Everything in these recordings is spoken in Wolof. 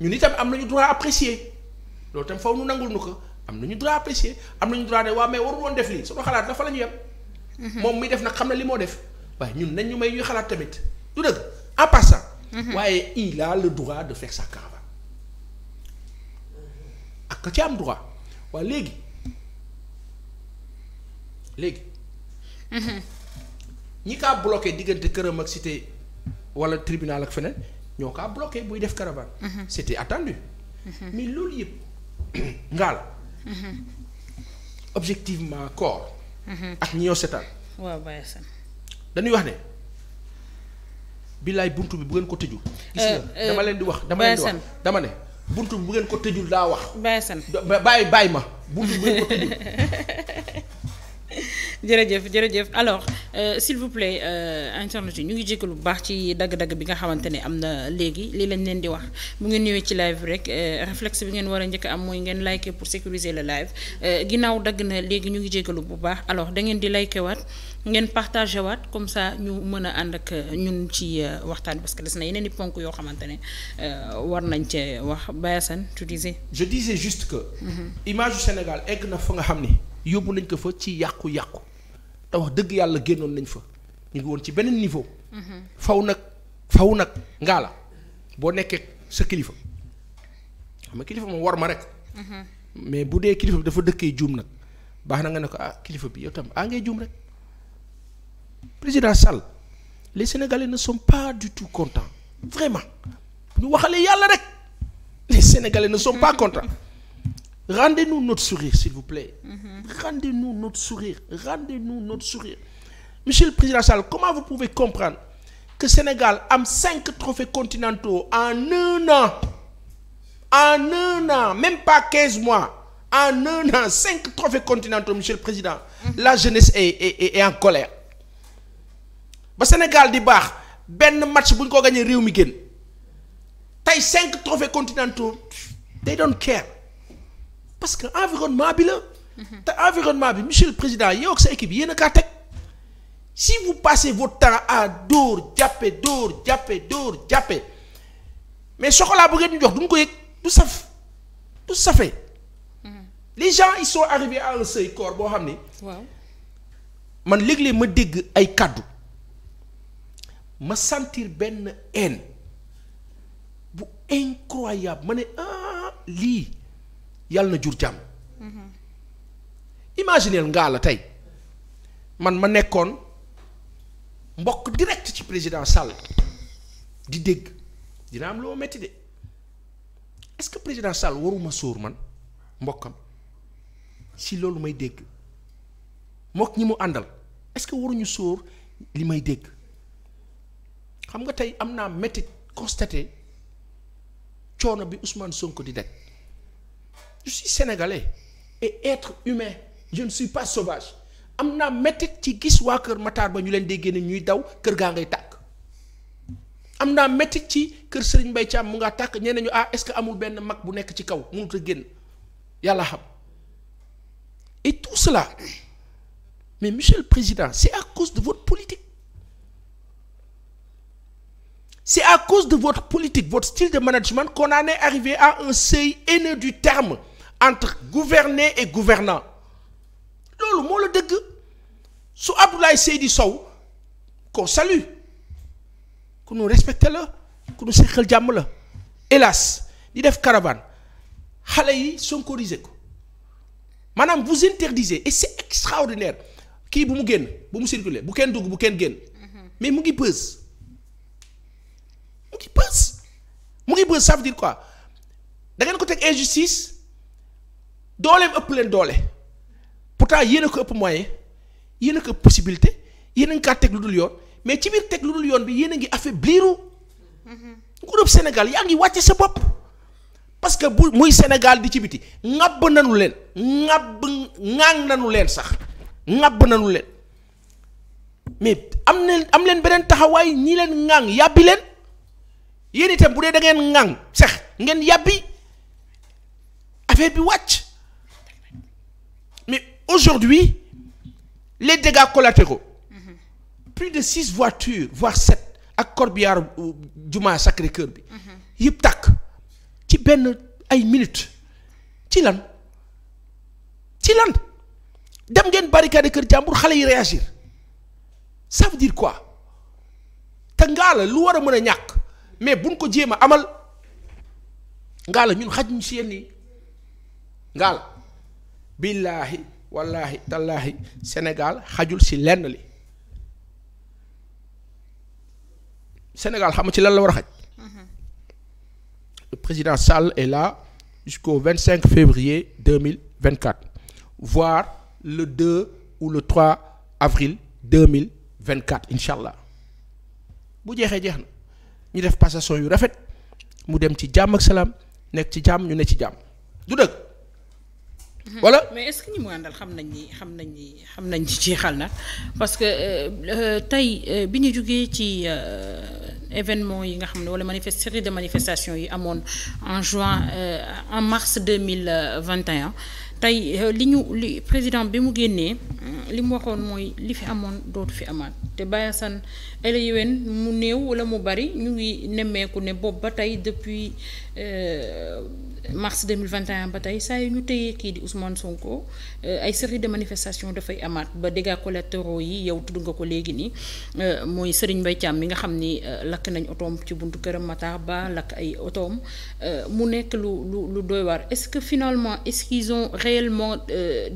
ñun itam am nañu droit apprécier loolu itam faw nu nangul nu ko am ñu droit apprécier am nañu droit de waa mais warul woon def lii suñu xalaat dafa la ñu yem. Mhm. moom mi def nag xam na li moo def waaye ñun nañ ñu may ñuy xalaat tamit du dëgg en passant. Mhm. waaye il a le droit de faire sa ak ci am droit waaye léegi léegi. Mhm. ñi kaa bloqué diggante këram ak cité wala tribunal ak feneen. ñoo ka bloqué buy def caravane. Mhm. c'était attendu. Mhm. mais loolu yëpp ngaal mhm. objectivement koor ak ñi ñoo seetaan. waaw Baye Assane dañuy wax ne. billaay buntu bi bu ngeen ko tëjul. Euh, euh, dama leen di wax dama leen di wax dama ne. buntu bi bu ngeen ko tëjul daa wax. Baye Assane bàyyi bàyyi ma buntu bi bu ngeen ko tëjul. jërëjëf jërëjëf alors euh, s'il vous plaît euh, ñu ngi jégalu bu baax ci dagg-dagg bi nga xamante ne am na léegi lii lañ leen di wax mu ngeen ñëwee ci live rek euh, réflexe bi ngeen war a njëkk am mooy ngeen liker pour sécuriser le live euh, ginnaaw dagg na léegi ñu ngi jégalu bu baax alors da ngeen di liker waat ngeen partagé waat comme ça ñu mën a ànd ak ñun ci waxtaan parce que des na yeneen i ponk yoo xamante ne war nañ cee wax Baye Assane tu disais. je disais juste que. Mhm. image Sénégal egg na fa nga xam ni. yóbbu nañ ko fa ci yàqu-yàqu. te dëgg yàlla génnoon nañ fa ñu ngi woon ci beneen niveau. faw nag faw nag ngaa la boo nekkee sa kilifa xam kilifa moom war ma rek. mais bu dee kilifa bi dafa dëkkee juum nag baax na nga ne ko ah kilifa bi yow tam ah ngay juum rek président Sall les sénégalais ne sont pas du tout contents vraiment ñu waxalee yàlla rek les sénégalais ne sont pas contents. rendez-nous notre sourire s'il vous plaît. Mm-hmm. rendez-nous notre sourire rendez-nous notre sourire monsieur le président Sall comment vous pouvez comprendre que Sénégal am cinq trophées continentaux en un an en un an même pas quinze mois en un an cinq trophées continentaux monsieur le président. Mhm. la jeunesse est est est, en colère ba Sénégal di baax benn match bu ñu ko gagné réew mi gën cinq trophées continentaux parce que environnement bi la. Mhm. te environnement bi monsieur le président yow ak sa équipe yéen a kaa teg si vous passez votre temps à dóor jàppe dóor jàppe dóor jàppe mais chocolat bu ngeen ñu jox du ñu ko yëg du saf du safee. Mhm. les gens ils sont arrivés corps boo xam ne. man léeg-léeg ma dégg ay kàddu ma sentir benn haine bu incroyable ma ne ah lii. yàlla na jur jàmm. imagineel ngaa la tey man ma nekkoon mbokk direct ci président Sall di dégg dina am loo metti de est-ce que président Sall waruma sóor man mbokkam si loolu may dégg mook ñi mu àndal est-ce que waruñu sóor li may dégg xam nga tey am naa métti constaté coono bi Ousmane Sonko di daj je suis sénégalais et être humain je ne suis pas sauvage am naa métit ci gis waa Kër Matar ba ñu leen di génne ñuy daw kër gaa ngay tàkk am naa métit ci kër Serigne Mbaye Thiam mu nga tàkk na ñu ah est-ce que amul benn mag bu nekk ci kaw mu mënut a génn yàlla xam et tout cela mais monsieur le président c'est à cause de votre politique c'est de votre politique votre style de management qu'on en est arrivé à un seuil haineux du terme entre gouverner et gouvernant loolu moo la dëgg su Abdoulaye Seydi Sow ko salut ku nu respecté la ku nu seqal jàmm la hélas di def caravane xale yi sonkorisé ko maanaam vous interdisez et c'est extraordinaire kii bu mu génn bu mu circuler bu kenn dugg bu kenn génn mais mu ngi bës mu ngi bës mu ngi bës ça veut dire quoi da ko teg injustice dooleem ëpp leen doole pourtant yéen a ko ëpp moyen yéen a ko ëpp possibilité yéen a ngi kaa teg lu dul yoon mais ci biir teg lu dul yoon bi yéen a ngi affaibliru nguurub Sénégal yaa ngi wàcce sa bopp parce que bu muy Sénégal di ci biti ŋàbb nanu leen ŋàbb nanu leen sax ŋàbb nanu leen mais am leen am leen beneen taxawaay ñii leen ŋaaŋ yàbbi leen yéen bu dee da ngeen ŋaaŋ sax ngeen yàbbi affaire bi wàcc aujourd'hui les dégâts collatéraux mm-hmm. plus de six voitures voire sept ak corbillard juma Sacré-Cœur bi mm-hmm. yëpp tàkk ci benn ay minutes ci lan ci lan dem ngeen barricade kër jàmbur xale yi réagir ça veut dire quoi te ngaa la lu war a mën a ñàkk mais buñ ko jéem a amal ngaa la ñun xaj ñu si yenn yi ngaa la billaahi wallaahi tallaahi Sénégal xajul si lenn li Sénégal xam ci lan la war xaj. président salle est la jusqu'au vingt cinq février deux mille vingt quatre voire le deux ou le trois avril deux mille vingt quatre incha allah bu jeexee jeex na ñu def passation yu rafet mu dem ci jàmm ak salaam nekk ci jàmm ñu ne ci jàmm du dëgg. voilà mais est-ce que ñi mu àndal xam nañ ni xam nañ ni xam nañ ci jeexal na parce que euh, euh, tey euh, bi ñu jugee ci événement yi nga xam ne wala manifeste série de manifestation yi amoon en juin en mars deux mille vingt et un tey li ñu li président bi mu génnee. li mu waxoon mooy li fi amoon dootu fi amaat te Baye Assane mu néew wala mu bari ñu ngi nemmeeku ne boobu ba tey depuis euh, mars 2021 ba tey saa yu ñu téyee kii di Ousmane Sonko euh, ay série de manifestation dafay amaat ba dégâts collatéraux yi yow tudd nga ko léegi nii euh, mooy sëriñ Mbaye Thiam mi nga xam ni lakk nañ otoom ci buntu këram Matar Ba lakk ay otoom mu nekk lu lu lu doy waar est-ce que finalement est-ce qu'ils réellement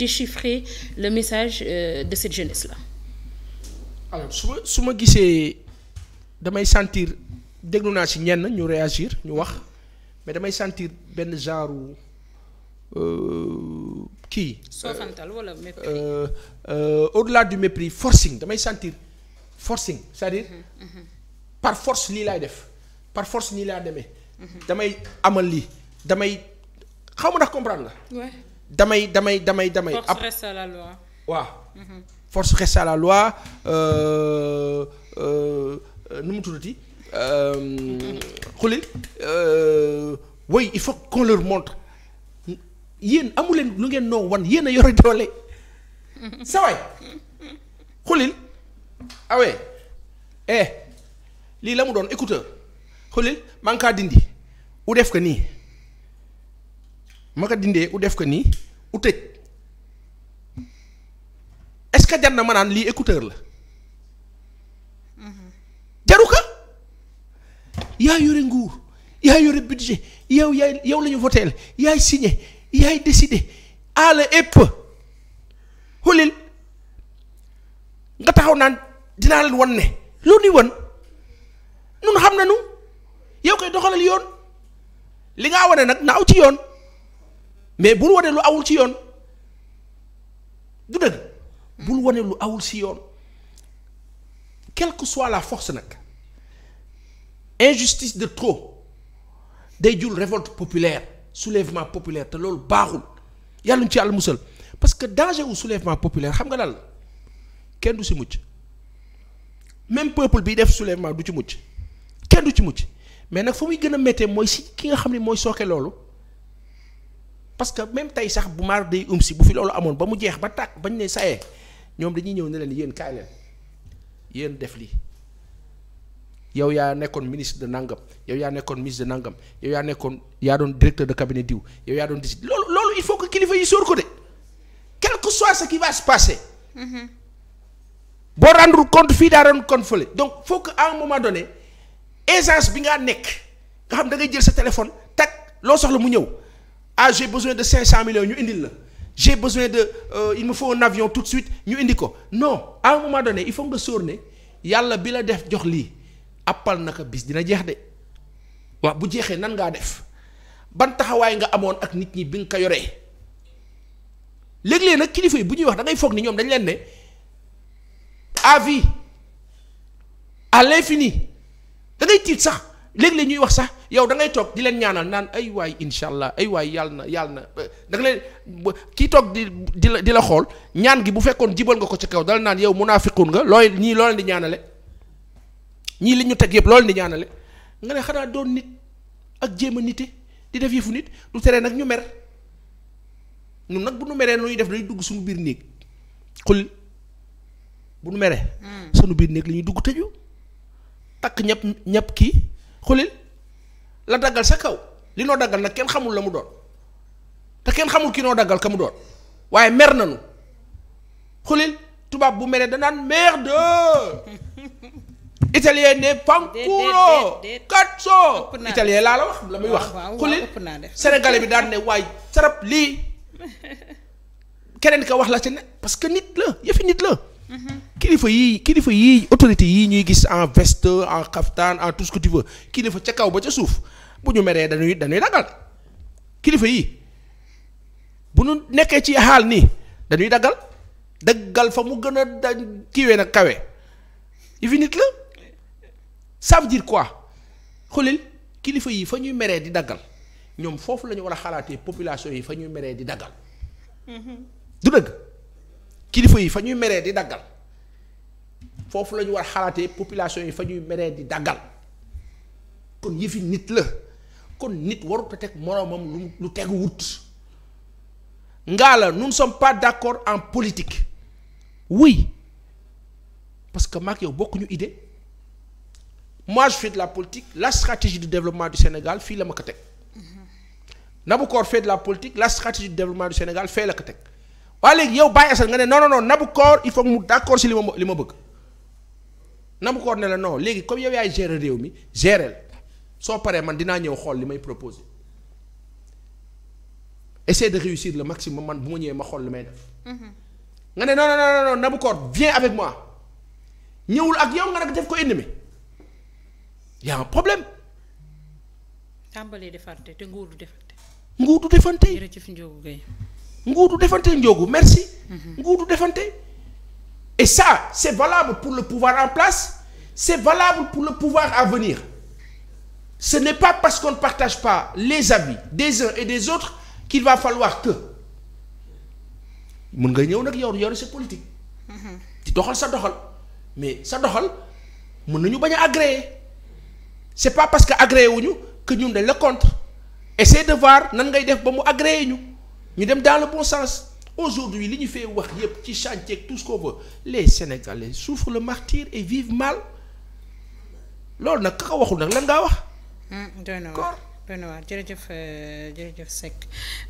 déchiffré le message image euh, de cette su ma su ma gisee damay sentir déglu naa si ñenn ñu réagir ñu wax mais damay sentir benn genre euh, kii. soofantal wala mépris. Euh, euh, au-delà du mépris forcing damay sentir forcing cest à mhm, mhm. par force lii laay def par force nii laa demee. Mhm. damay amal lii damay xaw ndax comprendre la. damay damay damay damay. waaw mhm. force reste à euh, euh, nu mu tuddati euh, xuli oui il faut qu'on leur montre yéen amuleen lu ngeen noo wan yéen a yore doole saway xulil awee ah eh lii la mu doon écouteur xulil maa kaa dindi u def ko nii ma ko dindee u def ko nii u tëj que na ma naan lii écouteur la jaru ka yaa yore nguur yaa yore budget yow yaay yow la ñu voteel yaay signé yaay décidé àll épp xulil nga taxaw naan dinaa leen wan ne loolu ñuy wan nun xam nañu yow koy doxalal yoon li ngaa wane nag na aw ci yoon mais bul wane lu awul ci yoon du dëgg bul wane lu awul si yoon quelque soit la force nag injustice de trop day jul révolte populaire soulèvement populaire te loolu baaxul yàlla ñu ci àll musal parce que danger wu soulèvement populaire xam nga daal kenn du si mucc même peuple bi def soulèvement du ci mucc kenn du ci mucc mais nag fa muy gën a méttee mooy si ki nga xam ne mooy sooke loolu parce que même tey sax bu maar day um si bu fi loolu amoon ba mu jeex ba tàkk bañ ne sayee ñoom dañuy ñëw ne leen yéen kaay leen yéen def lii yow yaa nekkoon ministre de nangam yow yaa nekkoon ministre de nangam yow yaa nekkoon yaa doon directeur de cabinet diw yow yaa doon dis loolu loolu il faut que kilifa yi sóor ko de quel que soit ce qui va passer. Mm-hmm. boo rendre compte fii daa rendre compte fële donc fook que à un moment donné aisance bi ngaa nekk nga xam da ngay jël sa téléphone tag loo soxla mu ñëw ah j'ai besoin de 500 millions ñu indil la. j'ai besoin de euh, il me faut un tout suite ñu indi ko non à un moment donné il faut nga sóor ne yàlla bi la def jox lii appal naka bis dina jeex de waaw bu jeexee nan ngaa def ban taxawaay nga amoon ak nit ñi bi nga ko yoree léeg-léeg nag kilifa yi bu ñuy wax da ngay foog ni ñoom dañ leen ne à vie à l'infini tiit sax léegi léeg ñuy wax sax. yow da ngay toog di leen ñaanal naan ay waay incha allah ay waay yàlla na yàlla na da nga leen kii toog di di la di la xool ñaan gi bu fekkoon jibal nga ko ci kaw dala naan yow munaafiqun nga looy ñii loo leen di ñaanale ñii li ñu teg yëpp loo di ñaanale nga ne xanaa doon nit ak jéem a nite di def yëfu nit du tere nag ñu mer ñun nag bu nu meree lu ñuy def dañuy dugg suñu biir néeg xul bu nu meree. Hmm. suñu biir néeg la ñuy dugg tëju takk ñëpp ñëpp kii xulil la daggal sa kaw li noo daggal nag kenn xamul la mu doon te kenn xamul ki noo daggal ka mu doon waaye mer nañu xulil tubaab bu meree danaan merde italien ne panculo katso italien laa la wax la muy wax xulil sénégalais bi daan ne waay sarap lii keneen ka wax la si ne parce que nit la yëfi nit la kilifa yii kilifa yii autorité yii ñuy gis en veste en kaftaan en tout ce que kilifa ca kaw ba ca suuf bu ñu meree dañuy dañuy daggal kilifa yi bu ñu nekkee ci xaal nii dañuy daggal daggal fa mu gën a da kiiwee nag kawe yi fi nit la ça quoi xoolil kilifa yi fa ñuy meree di daggal ñoom foofu la war a xalaatee population yi fa ñuy meree di daggal. du dëgg kilifa yi fa ñuy meree di daggal foofu lañu ñu war a xalaatee population yi fa ñuy meree di daggal mm-hmm. kon fi nit la. kon nit warut a teg moroomam lu lu tegu wut ngaa la nous ne pas d'accord en politique oui parce que mag yow bokkuñu idée moi je fais de la politique la stratégie de développement du Sénégal fii la ma ko teg Nabukor fait de la politique la stratégie de développement du Sénégal fee la ko teg waaye léegi yow Baye Assane nga ne non non non Nabukor il faut mu d'accord si li ma li ma bëgg Nabukor ne la non léegi comme yow yaay gérer réew mi gérer soo paree man dinaa ñëw xool li may proposer essayer de réussir le maximum man bu ma ñëwee ma xool li may def. Mm-hmm. nga ne non non non non viens avec moi ñëwul ak yow nga nag def ko ennemi y a problème. tàmbalee defante te nguur du defante. nguur du defante. jërëjëf defante Ndiogou merci. Mm-hmm. nguur du defante. et sa c'est valable pour le pouvoir en place c'est valable pour le pouvoir à venir. ce n'est pas parce qu'on ne partage pas les avis des uns et des autres qu'il va falloir que mën nga ñëw nag yow yore sa politique. di doxal sa doxal mais sa doxal mën nañu bañ a agréer c'est pas parce que wu ñu que ñun dañ la contre essayer de voir nan ngay def ba mu agréé ñu ñu dem dans le bon sens aujourd'hui li ñu fee wax yépp ci chantier tout ce qu'on veut les Sénégalais souffrent le martyre et vivent mal loolu nag ka ko waxul nag lan ngaa wax. Hmm, doy na waar doy na waar jërëjëf euh, jërëjëf Seck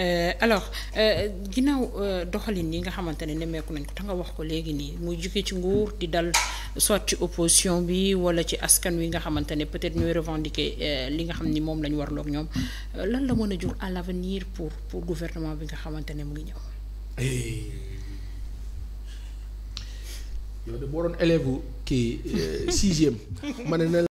euh, alors euh, ginnaaw doxalin yi nga xamante ne nemmeeku nañ ko te nga wax ko léegi nii muy jugee ci nguur di dal soit ci opposition bi wala ci askan wi nga xamante ne peut-être ñooy revendiquer li nga xam ni moom la ñu warloog ñoom lan la mën a jur à l'avenir pour pour gouvernement bi nga xamante ne mu ngi ñëw. Eh, yow de boo doon élève kii sixième ma ne